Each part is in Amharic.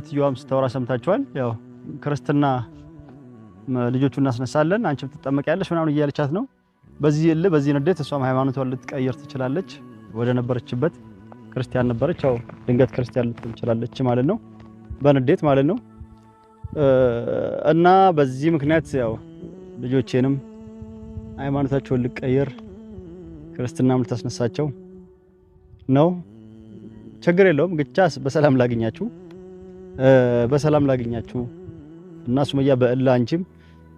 እትየዋም ስታወራ ሰምታችኋል። ያው ክርስትና ልጆቹ እናስነሳለን አንቺ ትጠመቂያለሽ ምናምን እያለቻት ነው። በዚህ እል በዚህ ንዴት እሷም ሃይማኖቷን ልትቀይር ትችላለች። ወደ ነበረችበት ክርስቲያን ነበረች፣ ያው ድንገት ክርስቲያን ልትሆን ትችላለች ማለት ነው፣ በንዴት ማለት ነው። እና በዚህ ምክንያት ያው ልጆቼንም ሃይማኖታቸውን ልቀይር ክርስትናም ልታስነሳቸው ነው። ችግር የለውም ግቻ በሰላም ላገኛችሁ በሰላም ላገኛችሁ እና ሱመያ በእላ አንቺም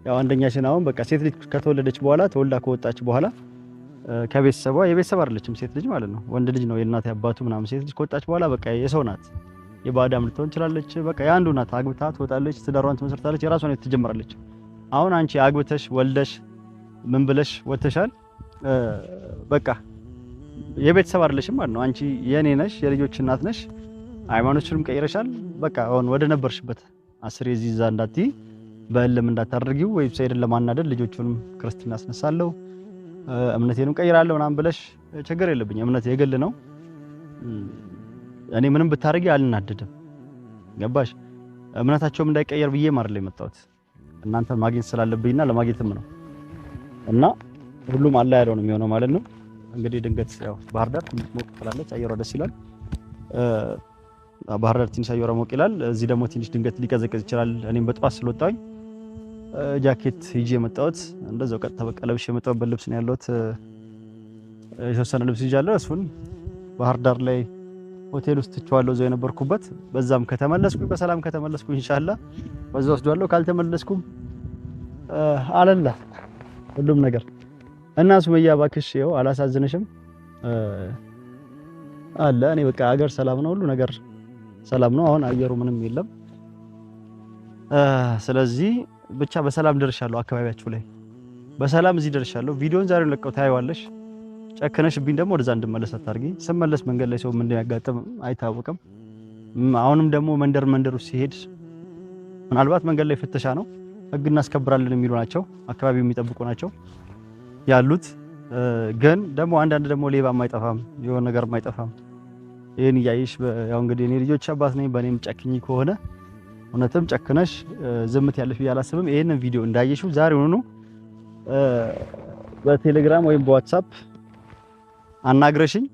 ያው አንደኛ አሁን በቃ ሴት ልጅ ከተወለደች በኋላ ተወልዳ ከወጣች በኋላ ከቤተሰቧ የቤተሰብ አይደለችም ሴት ልጅ ማለት ነው። ወንድ ልጅ ነው የእናት አባቱ ምናምን። ሴት ልጅ ከወጣች በኋላ በቃ የሰው ናት። የባዳም ልትሆን ትችላለች። በቃ የአንዱ ናት። አግብታ ትወጣለች፣ ትዳሯን ትመሰርታለች፣ የራሷን ህይወት ትጀምራለች። አሁን አንቺ አግብተሽ ወልደሽ ምን ብለሽ ወተሻል። በቃ የቤተሰብ አይደለሽም ማለት ነው። አንቺ የኔ ነሽ፣ የልጆች እናት ነሽ። ሃይማኖትሽንም ቀይረሻል። በቃ አሁን ወደ ነበርሽበት አስር የዚህ ዛ እንዳትዪ በእልም እንዳታደርጊው ዌብሳይትን ለማናደድ ልጆቹንም ክርስትና አስነሳለሁ እምነቴንም ቀይራለሁ ምናምን ብለሽ ችግር የለብኝ። እምነት የግል ነው። እኔ ምንም ብታደርጊ አልናደድም። ገባሽ? እምነታቸውም እንዳይቀየር ብዬ ማርለ የመጣሁት እናንተ ማግኘት ስላለብኝና ለማግኘትም ነው። እና ሁሉም አላ ያለው ነው የሚሆነው ማለት ነው። እንግዲህ ድንገት ያው ባህር ዳር ትንሽ ሞቅ ትላለች፣ አየሯ ደስ ይላል። ባህር ዳር ትንሽ አየሯ ሞቅ ይላል። እዚህ ደግሞ ትንሽ ድንገት ሊቀዘቅዝ ይችላል። እኔም በጠዋት ስለወጣሁኝ ጃኬት ይዤ የመጣሁት እንደዛው ቀጥታ በቃ ለብሼ የመጣሁበት ልብስ ነው ያለሁት። የተወሰነ ልብስ ይዣለሁ። እሱን ባህር ዳር ላይ ሆቴል ውስጥ ትቼዋለሁ እዛው የነበርኩበት። በዛም ከተመለስኩኝ በሰላም ከተመለስኩኝ ኢንሻአላህ በዛ ወስዷለሁ። ካልተመለስኩም አለላ ሁሉም ነገር እና ሱመያ እባክሽ ይኸው አላሳዝንሽም አለ እኔ በቃ ሀገር ሰላም ነው ሁሉ ነገር ሰላም ነው። አሁን አየሩ ምንም የለም። ስለዚህ ብቻ በሰላም ደርሻለሁ። አካባቢያችሁ ላይ በሰላም እዚህ ደርሻለሁ። ቪዲዮን ዛሬ ለቀው ታይዋለሽ። ጨክነሽ ቢን ደግሞ ወደዛ እንድመለስ አታርጊ። ስመለስ መንገድ ላይ ሰው ምን እንደሚያጋጥም አይታወቅም። አሁንም ደግሞ መንደር መንደሩ ሲሄድ ምናልባት መንገድ ላይ ፍተሻ ነው፣ ህግ እናስከብራለን የሚሉ ናቸው፣ አካባቢው የሚጠብቁ ናቸው ያሉት። ግን ደግሞ አንዳንድ ደግሞ ሌባ የማይጠፋም የሆነ ነገር የማይጠፋም ይህን እያየሽ ያው እንግዲህ እኔ ልጆች አባት ነኝ። በእኔም ጨክኝ ከሆነ እውነትም ጨክነሽ ዝምት ያለሽ ብዬ አላስብም። ይህንን ቪዲዮ እንዳየሽው ዛሬ ዛሬውኑ በቴሌግራም ወይም በዋትሳፕ አናግረሽኝ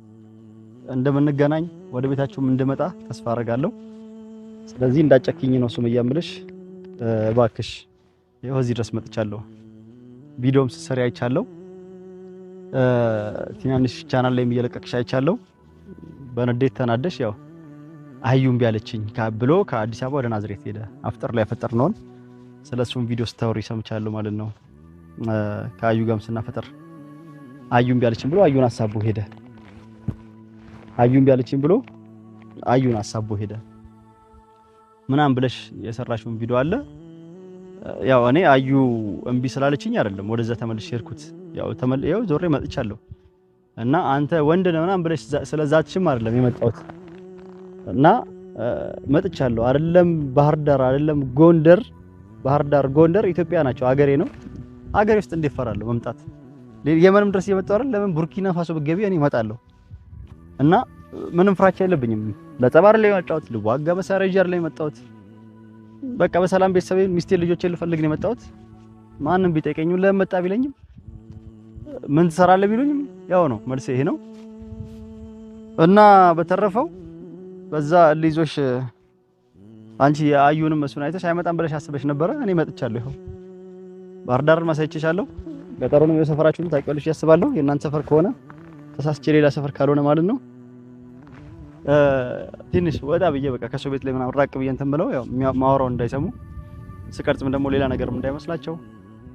እንደምንገናኝ ወደ ቤታችሁም እንድመጣ ተስፋ አደርጋለሁ። ስለዚህ እንዳጨክኝ ነው እሱም እያምልሽ እባክሽ። ይኸው እዚህ ድረስ መጥቻለሁ። ቪዲዮም ስትሰሪ አይቻለሁ። ትናንሽ ቻናል ላይም እየለቀቅሽ አይቻለሁ። በንዴት ተናደሽ ያው አህዩም ቢያለችኝ ብሎ ከአዲስ አበባ ወደ ናዝሬት ሄደ። አፍጠር ላይ ፈጠር ነውን ስለሱም ቪዲዮ ስታወሪ ሰምቻለሁ ማለት ነው። ከአዩ ጋርም ስናፈጠር አዩም ቢያለችኝ ብሎ አዩን አሳቦ ሄደ። አዩም ቢያለችኝ ብሎ አዩን አሳቦ ሄደ። ምናምን ብለሽ የሰራሽውን ቪዲዮ አለ ያው እኔ አዩ እምቢ ስላለችኝ አይደለም ወደዛ ተመልሼ ሄድኩት። ያው ተመል ያው ዞሬ መጥቻለሁ። እና አንተ ወንድ ነህ ምናምን ብለሽ ስለዛችም አይደለም የመጣሁት እና መጥቻለሁ። አይደለም ባህር ዳር አይደለም ጎንደር፣ ባህር ዳር ጎንደር ኢትዮጵያ ናቸው። አገሬ ነው። አገሬ ውስጥ እንዴት እፈራለሁ መምጣት? የመንም ድረስ እየመጣሁ አይደል? ለምን ቡርኪና ፋሶ ብትገቢ እኔ እመጣለሁ እና ምንም ፍራቻ የለብኝም። ለጸብ ላይ የመጣሁት፣ ልዋጋ መሳሪያ ይዤ የመጣሁት። በቃ በሰላም ቤተሰብ ሚስቴ ልጆቼ ልፈልግ ነው የመጣሁት። ማንም ቢጠይቀኝ ለምን መጣ ቢለኝም ምን ትሰራለህ ቢሉኝም ያው ነው መልስ ይሄ ነው እና በተረፈው በዛ ልይዞሽ አንቺ አዩንም እሱን አይተሽ አይመጣም ብለሽ አስበሽ ነበረ። እኔ መጥቻለሁ። ይኸው ባህር ዳርን ማሳይቼሻለሁ። ገጠሩንም የሰፈራችሁን ታውቂዋለሽ ያስባለሁ። የእናንተ ሰፈር ከሆነ ተሳስቼ ሌላ ሰፈር ካልሆነ ማለት ነው። ትንሽ ወጣ ብዬ በቃ ከሰው ቤት ላይ ምናምን ራቅ ብዬ እንትን ብለው ያው ማወራውን እንዳይሰሙ ስቀርጽም ደግሞ ሌላ ነገርም እንዳይመስላቸው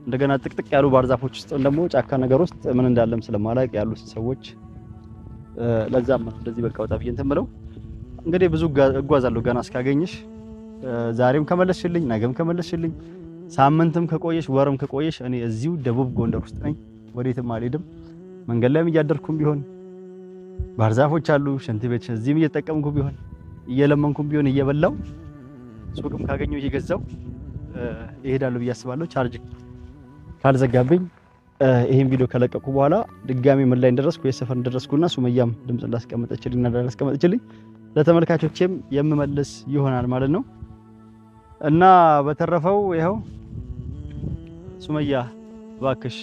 እንደገና ጥቅጥቅ ያሉ ባርዛፎች ዛፎች ውስጥ ደግሞ ጫካ ነገር ውስጥ ምን እንዳለም ስለማላቅ ያሉ ሰዎች ለዛም እንደዚህ በቃ ወጣ ብዬ እንትን ብለው እንግዲህ ብዙ እጓዛለሁ ገና እስካገኝሽ። ዛሬም ከመለስሽልኝ፣ ነገም ከመለስሽልኝ፣ ሳምንትም ከቆየሽ፣ ወርም ከቆየሽ እኔ እዚሁ ደቡብ ጎንደር ውስጥ ነኝ። ወዴትም አልሄድም። መንገድ ላይም እያደርኩም ቢሆን ባርዛፎች አሉ፣ ሽንት ቤት እዚህም እየተጠቀምኩ ቢሆን እየለመንኩም ቢሆን እየበላው ሱቅም ካገኘው እየገዛው ይሄዳለሁ ብዬ አስባለሁ። ቻርጅ ካልዘጋብኝ ይህን ቪዲዮ ከለቀቁ በኋላ ድጋሚ ምን ላይ እንደደረስኩ የሰፈር እንደደረስኩና ሱመያም ድምፅ እንዳስቀመጠችልኝ እና እንዳስቀመጠችልኝ ለተመልካቾቼም የምመልስ ይሆናል ማለት ነው። እና በተረፈው ይኸው ሱመያ ባክሽ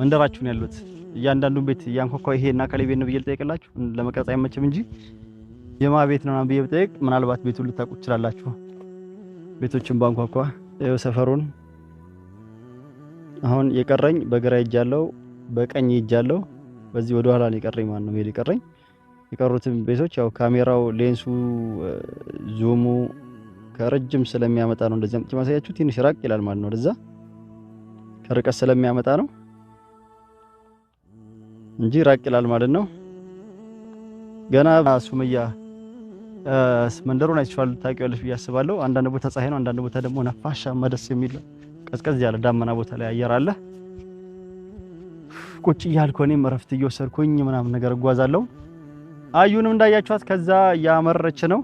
መንደራችሁን ያሉት እያንዳንዱን ቤት እያንኳኳ ይሄ እና ከሌ ቤት ነው ብዬ ልጠይቅላችሁ ለመቅረጽ አይመችም እንጂ የማ ቤት ነው ብዬ ብጠይቅ ምናልባት ቤቱን ልታውቁ ትችላላችሁ። ቤቶችን ባንኳኳ ሰፈሩን አሁን የቀረኝ በግራ እጅ ያለው በቀኝ እጅ ያለው በዚህ ወደ ኋላ የቀረኝ ማለት ነው የቀረኝ የቀሩትም ቤቶች ያው ካሜራው ሌንሱ ዙሙ ከረጅም ስለሚያመጣ ነው። እንደዚህ አምጥቼ ማሳያችሁ ትንሽ ራቅ ይላል ማለት ነው። ወደዛ ከርቀት ስለሚያመጣ ነው እንጂ ራቅ ይላል ማለት ነው። ገና ሱመያ መንደሩን አይቼዋለሁ፣ ታውቂዋለሽ ብዬ አስባለሁ። አንዳንድ ቦታ ፀሐይ ነው፣ አንዳንድ ቦታ ደግሞ ነፋሻ መደስ የሚል ቀዝቀዝ ያለ ዳመና ቦታ ላይ አየር አለ። ቁጭ እያልኩ እኔም እረፍት እየወሰድኩኝ ምናምን ነገር እጓዛለሁ። አዩንም እንዳያችኋት ከዛ እያመረች ነው።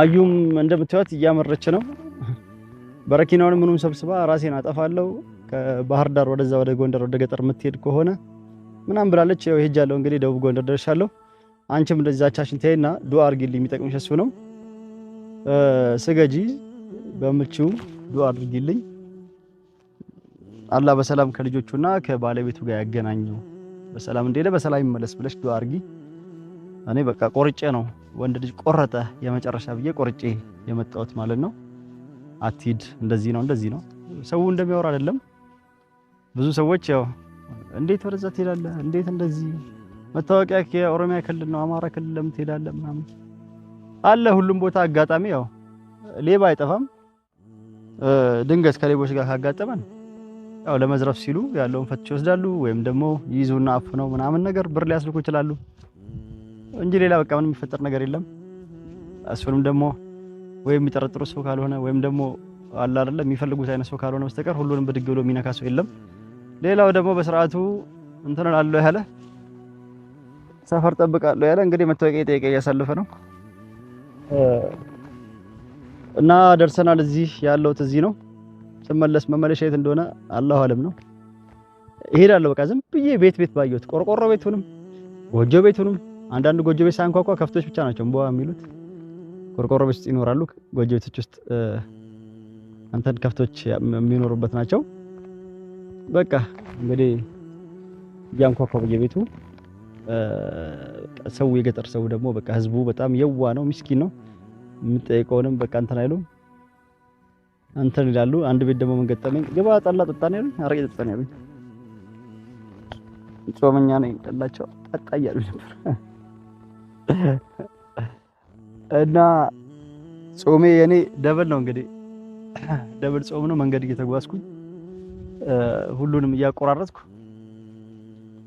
አዩም እንደምታዩት እያመረች ነው። በረኪናውን ምኑም ሰብስባ ራሴን አጠፋለሁ። ከባህር ዳር ወደዛ ወደ ጎንደር ወደ ገጠር የምትሄድ ከሆነ ምናምን ብላለች። ይሄ ሄጃለሁ እንግዲህ ደቡብ ጎንደር ደርሻለሁ። አንቺም እንደዛቻችን ተይና ዱአ አርጊልኝ፣ የሚጠቅምሽ እሱ ነው ስገጂ በምችው ዱ አድርጊልኝ። አላህ በሰላም ከልጆቹና ከባለቤቱ ጋር ያገናኘው በሰላም እንደሄደ በሰላም ይመለስ ብለሽ ዱ አድርጊ። እኔ በቃ ቆርጬ ነው ወንድ ልጅ ቆረጠ የመጨረሻ ብዬ ቆርጬ የመጣሁት ማለት ነው። አትሂድ፣ እንደዚህ ነው እንደዚህ ነው ሰው እንደሚያወራ አይደለም። ብዙ ሰዎች ያው እንዴት ወደዛ ትሄዳለህ? እንዴት እንደዚህ መታወቂያ የኦሮሚያ ክልል ነው አማራ ክልል ለምን ትሄዳለህ? ምናምን አለ ሁሉም ቦታ አጋጣሚ ያው ሌባ አይጠፋም። ድንገት ከሌቦች ጋር ካጋጠመን ያው ለመዝረፍ ሲሉ ያለውን ፈትሽ ይወስዳሉ፣ ወይም ደግሞ ይዙና አፍ ነው ምናምን ነገር ብር ሊያስልኩ ይችላሉ እንጂ ሌላ በቃ ምንም የሚፈጠር ነገር የለም። እሱንም ደግሞ ወይም የሚጠረጥሩ ሰው ካልሆነ ወይም ደግሞ አለ አይደለ የሚፈልጉት አይነት ሰው ካልሆነ በስተቀር ሁሉንም ብድግ ብሎ የሚነካ ሰው የለም። ሌላው ደግሞ በስርዓቱ እንትን እላለሁ ያለ ሰፈር ጠብቃለሁ ያለ እንግዲህ መታወቂያ የጠየቀ እያሳለፈ ነው። እና ደርሰናል። እዚህ ያለሁት እዚህ ነው። ስመለስ መመለሻ የት እንደሆነ አላሁ አለም ነው። እሄዳለሁ። በቃ ዝም ብዬ ቤት ቤት ባየሁት ቆርቆሮ ቤት ጎጆ ቤት ሁንም አንዳንድ ጎጆ ቤት ሳንኳኳ ከፍቶች ብቻ ናቸው እምቧ የሚሉት ቆርቆሮ ቤት ውስጥ ይኖራሉ። ጎጆ ቤቶች ውስጥ አንተን ከፍቶች የሚኖሩበት ናቸው። በቃ እንግዲህ እያንኳኳ በየቤቱ ሰው የገጠር ሰው ደግሞ በቃ ህዝቡ በጣም የዋ ነው፣ ምስኪን ነው። የምጠይቀውንም በቃ እንትን አይሉም እንትን ይላሉ። አንድ ቤት ደግሞ ምን ገጠመኝ፣ ግባ ጠላ ጠጣ ነው ያሉኝ። አረቄ ጠጣ ነው ያሉኝ። ጾመኛ ነኝ ጠላቸው ጠጣ እያሉኝ ነበር። እና ጾሜ የኔ ደብል ነው እንግዲህ ደብል ጾም ነው። መንገድ እየተጓዝኩኝ ሁሉንም እያቆራረጥኩ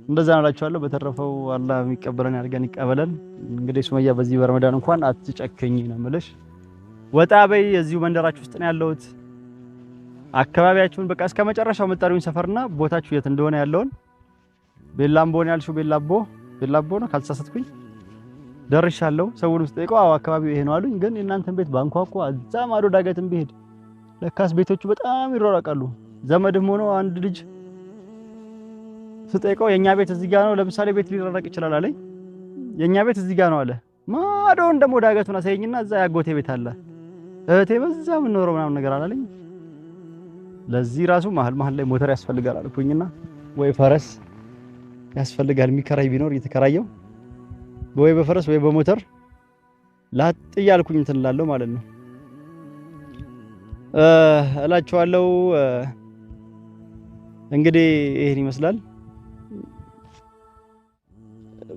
እንደዛ ነው በተረፈው አላህ የሚቀበለን ያድርገን ይቀበለን። እንግዲህ ሱመያ በዚህ በረመዳን እንኳን አትጨከኝ ነው የምልሽ። ወጣ በይ። እዚሁ መንደራችሁ ውስጥ ነው ያለሁት። አካባቢያችሁን በቃ እስከ መጨረሻው መጣሪውን ሰፈርና ቦታችሁ የት እንደሆነ ያለውን ቤላምቦ ነው ያልሽው። ቤላቦ ቤላቦ ነው ካልተሳሳትኩኝ፣ ደርሻለሁ። ሰውን ውስጥ ጠይቀው አዎ አካባቢው ይሄ ነው አሉኝ። ግን የእናንተን ቤት ባንኳኳ እዛ ማዶ ዳገትም ቢሄድ ለካስ ቤቶቹ በጣም ይሯራቃሉ። ዘመድም ሆኖ አንድ ልጅ ስጠይቀው የኛ ቤት እዚህ ጋር ነው፣ ለምሳሌ ቤት ሊረረቅ ይችላል አለኝ። የኛ ቤት እዚህ ጋር ነው አለ። ማዶን ደግሞ ዳገቱን አሳየኝና እዛ ያጎቴ ቤት አለ፣ እህቴ በዛ የምንኖረው ምናምን ነገር አላለኝ። ለዚህ ራሱ መሀል መሀል ላይ ሞተር ያስፈልጋል አልኩኝና ወይ ፈረስ ያስፈልጋል የሚከራይ ቢኖር እየተከራየው ወይ በፈረስ ወይ በሞተር ላጥ እያልኩኝ እንትን እላለሁ ማለት ነው እላችኋለሁ። እንግዲህ ይህን ይመስላል።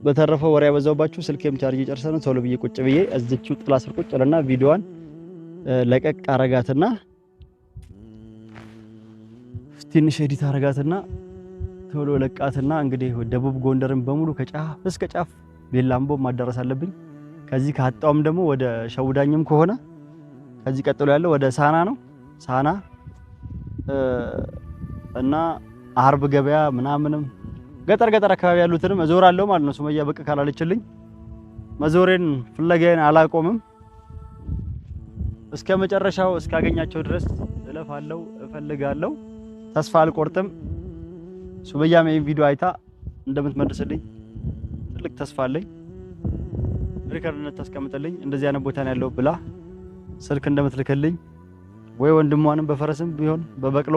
በተረፈ ወሬ ያበዛውባችሁ ስልኬም ቻርጅ ጨርሰ ነው ቶሎ ብዬ ቁጭ ብዬ እዚችው ጥላ ስር ቁጭ ለና ቪዲዮዋን ለቀቅ አረጋትና ትንሽ ኤዲት አረጋትና ቶሎ ለቃትና እንግዲህ ደቡብ ጎንደርን በሙሉ ከጫፍ እስከ ጫፍ ቤላምቦ ማዳረስ አለብኝ። ከዚህ ካጣውም ደግሞ ወደ ሸውዳኝም ከሆነ ከዚህ ቀጥሎ ያለው ወደ ሳና ነው። ሳና እና አርብ ገበያ ምናምንም ገጠር ገጠር አካባቢ ያሉትንም እዞራለሁ ማለት ነው። ሱመያ ብቅ ካላለችልኝ መዞሬን ፍለጋዬን አላቆምም። እስከ መጨረሻው እስካገኛቸው ድረስ እለፋለሁ፣ እፈልጋለሁ፣ ተስፋ አልቆርጥም። ሱመያም ይሄን ቪዲዮ አይታ እንደምትመልስልኝ ትልቅ ተስፋ አለኝ። ሪከርድነት ታስቀምጥልኝ እንደዚህ አይነት ቦታ ነው ያለው ብላ ስልክ እንደምትልክልኝ ወይ ወንድሟንም በፈረስም ቢሆን በበቅሎ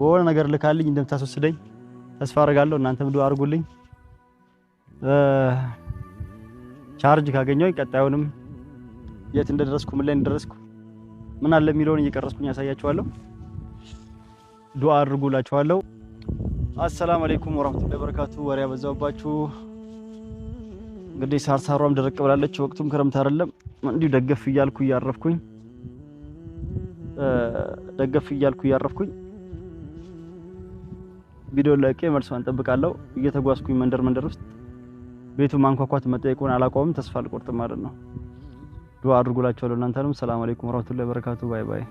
በሆነ ነገር ልካልኝ እንደምታስወስደኝ ተስፋ አደርጋለሁ። እናንተም ዱአ አድርጉልኝ። ቻርጅ ካገኘው ቀጣዩንም የት እንደደረስኩ ምን ላይ እንደደረስኩ ምን አለ የሚለውን እየቀረስኩኝ ያሳያችኋለሁ። ዱአ አድርጉላችኋለሁ። አሰላም አለይኩም ወራህመቱላሂ ወበረካቱ። ወሬ ያበዛባችሁ እንግዲህ ሳርሳሯም ደረቅ ብላለች። ወቅቱም ክረምት አይደለም። እንዲሁ ደገፍ እያልኩ እያረፍኩኝ ደገፍ እያልኩ እያረፍኩኝ ቪዲዮ ለቄ መልሷን እንጠብቃለሁ። እየተጓዝኩኝ መንደር መንደር ውስጥ ቤቱ ማንኳኳት መጠየቁን አላቆምም። ተስፋ አልቆርጥም ማለት ነው። ዱአ አድርጉላችኋለሁ። እናንተንም ሰላም አለይኩም ወራህመቱላሂ ወበረካቱ። ባይ ባይ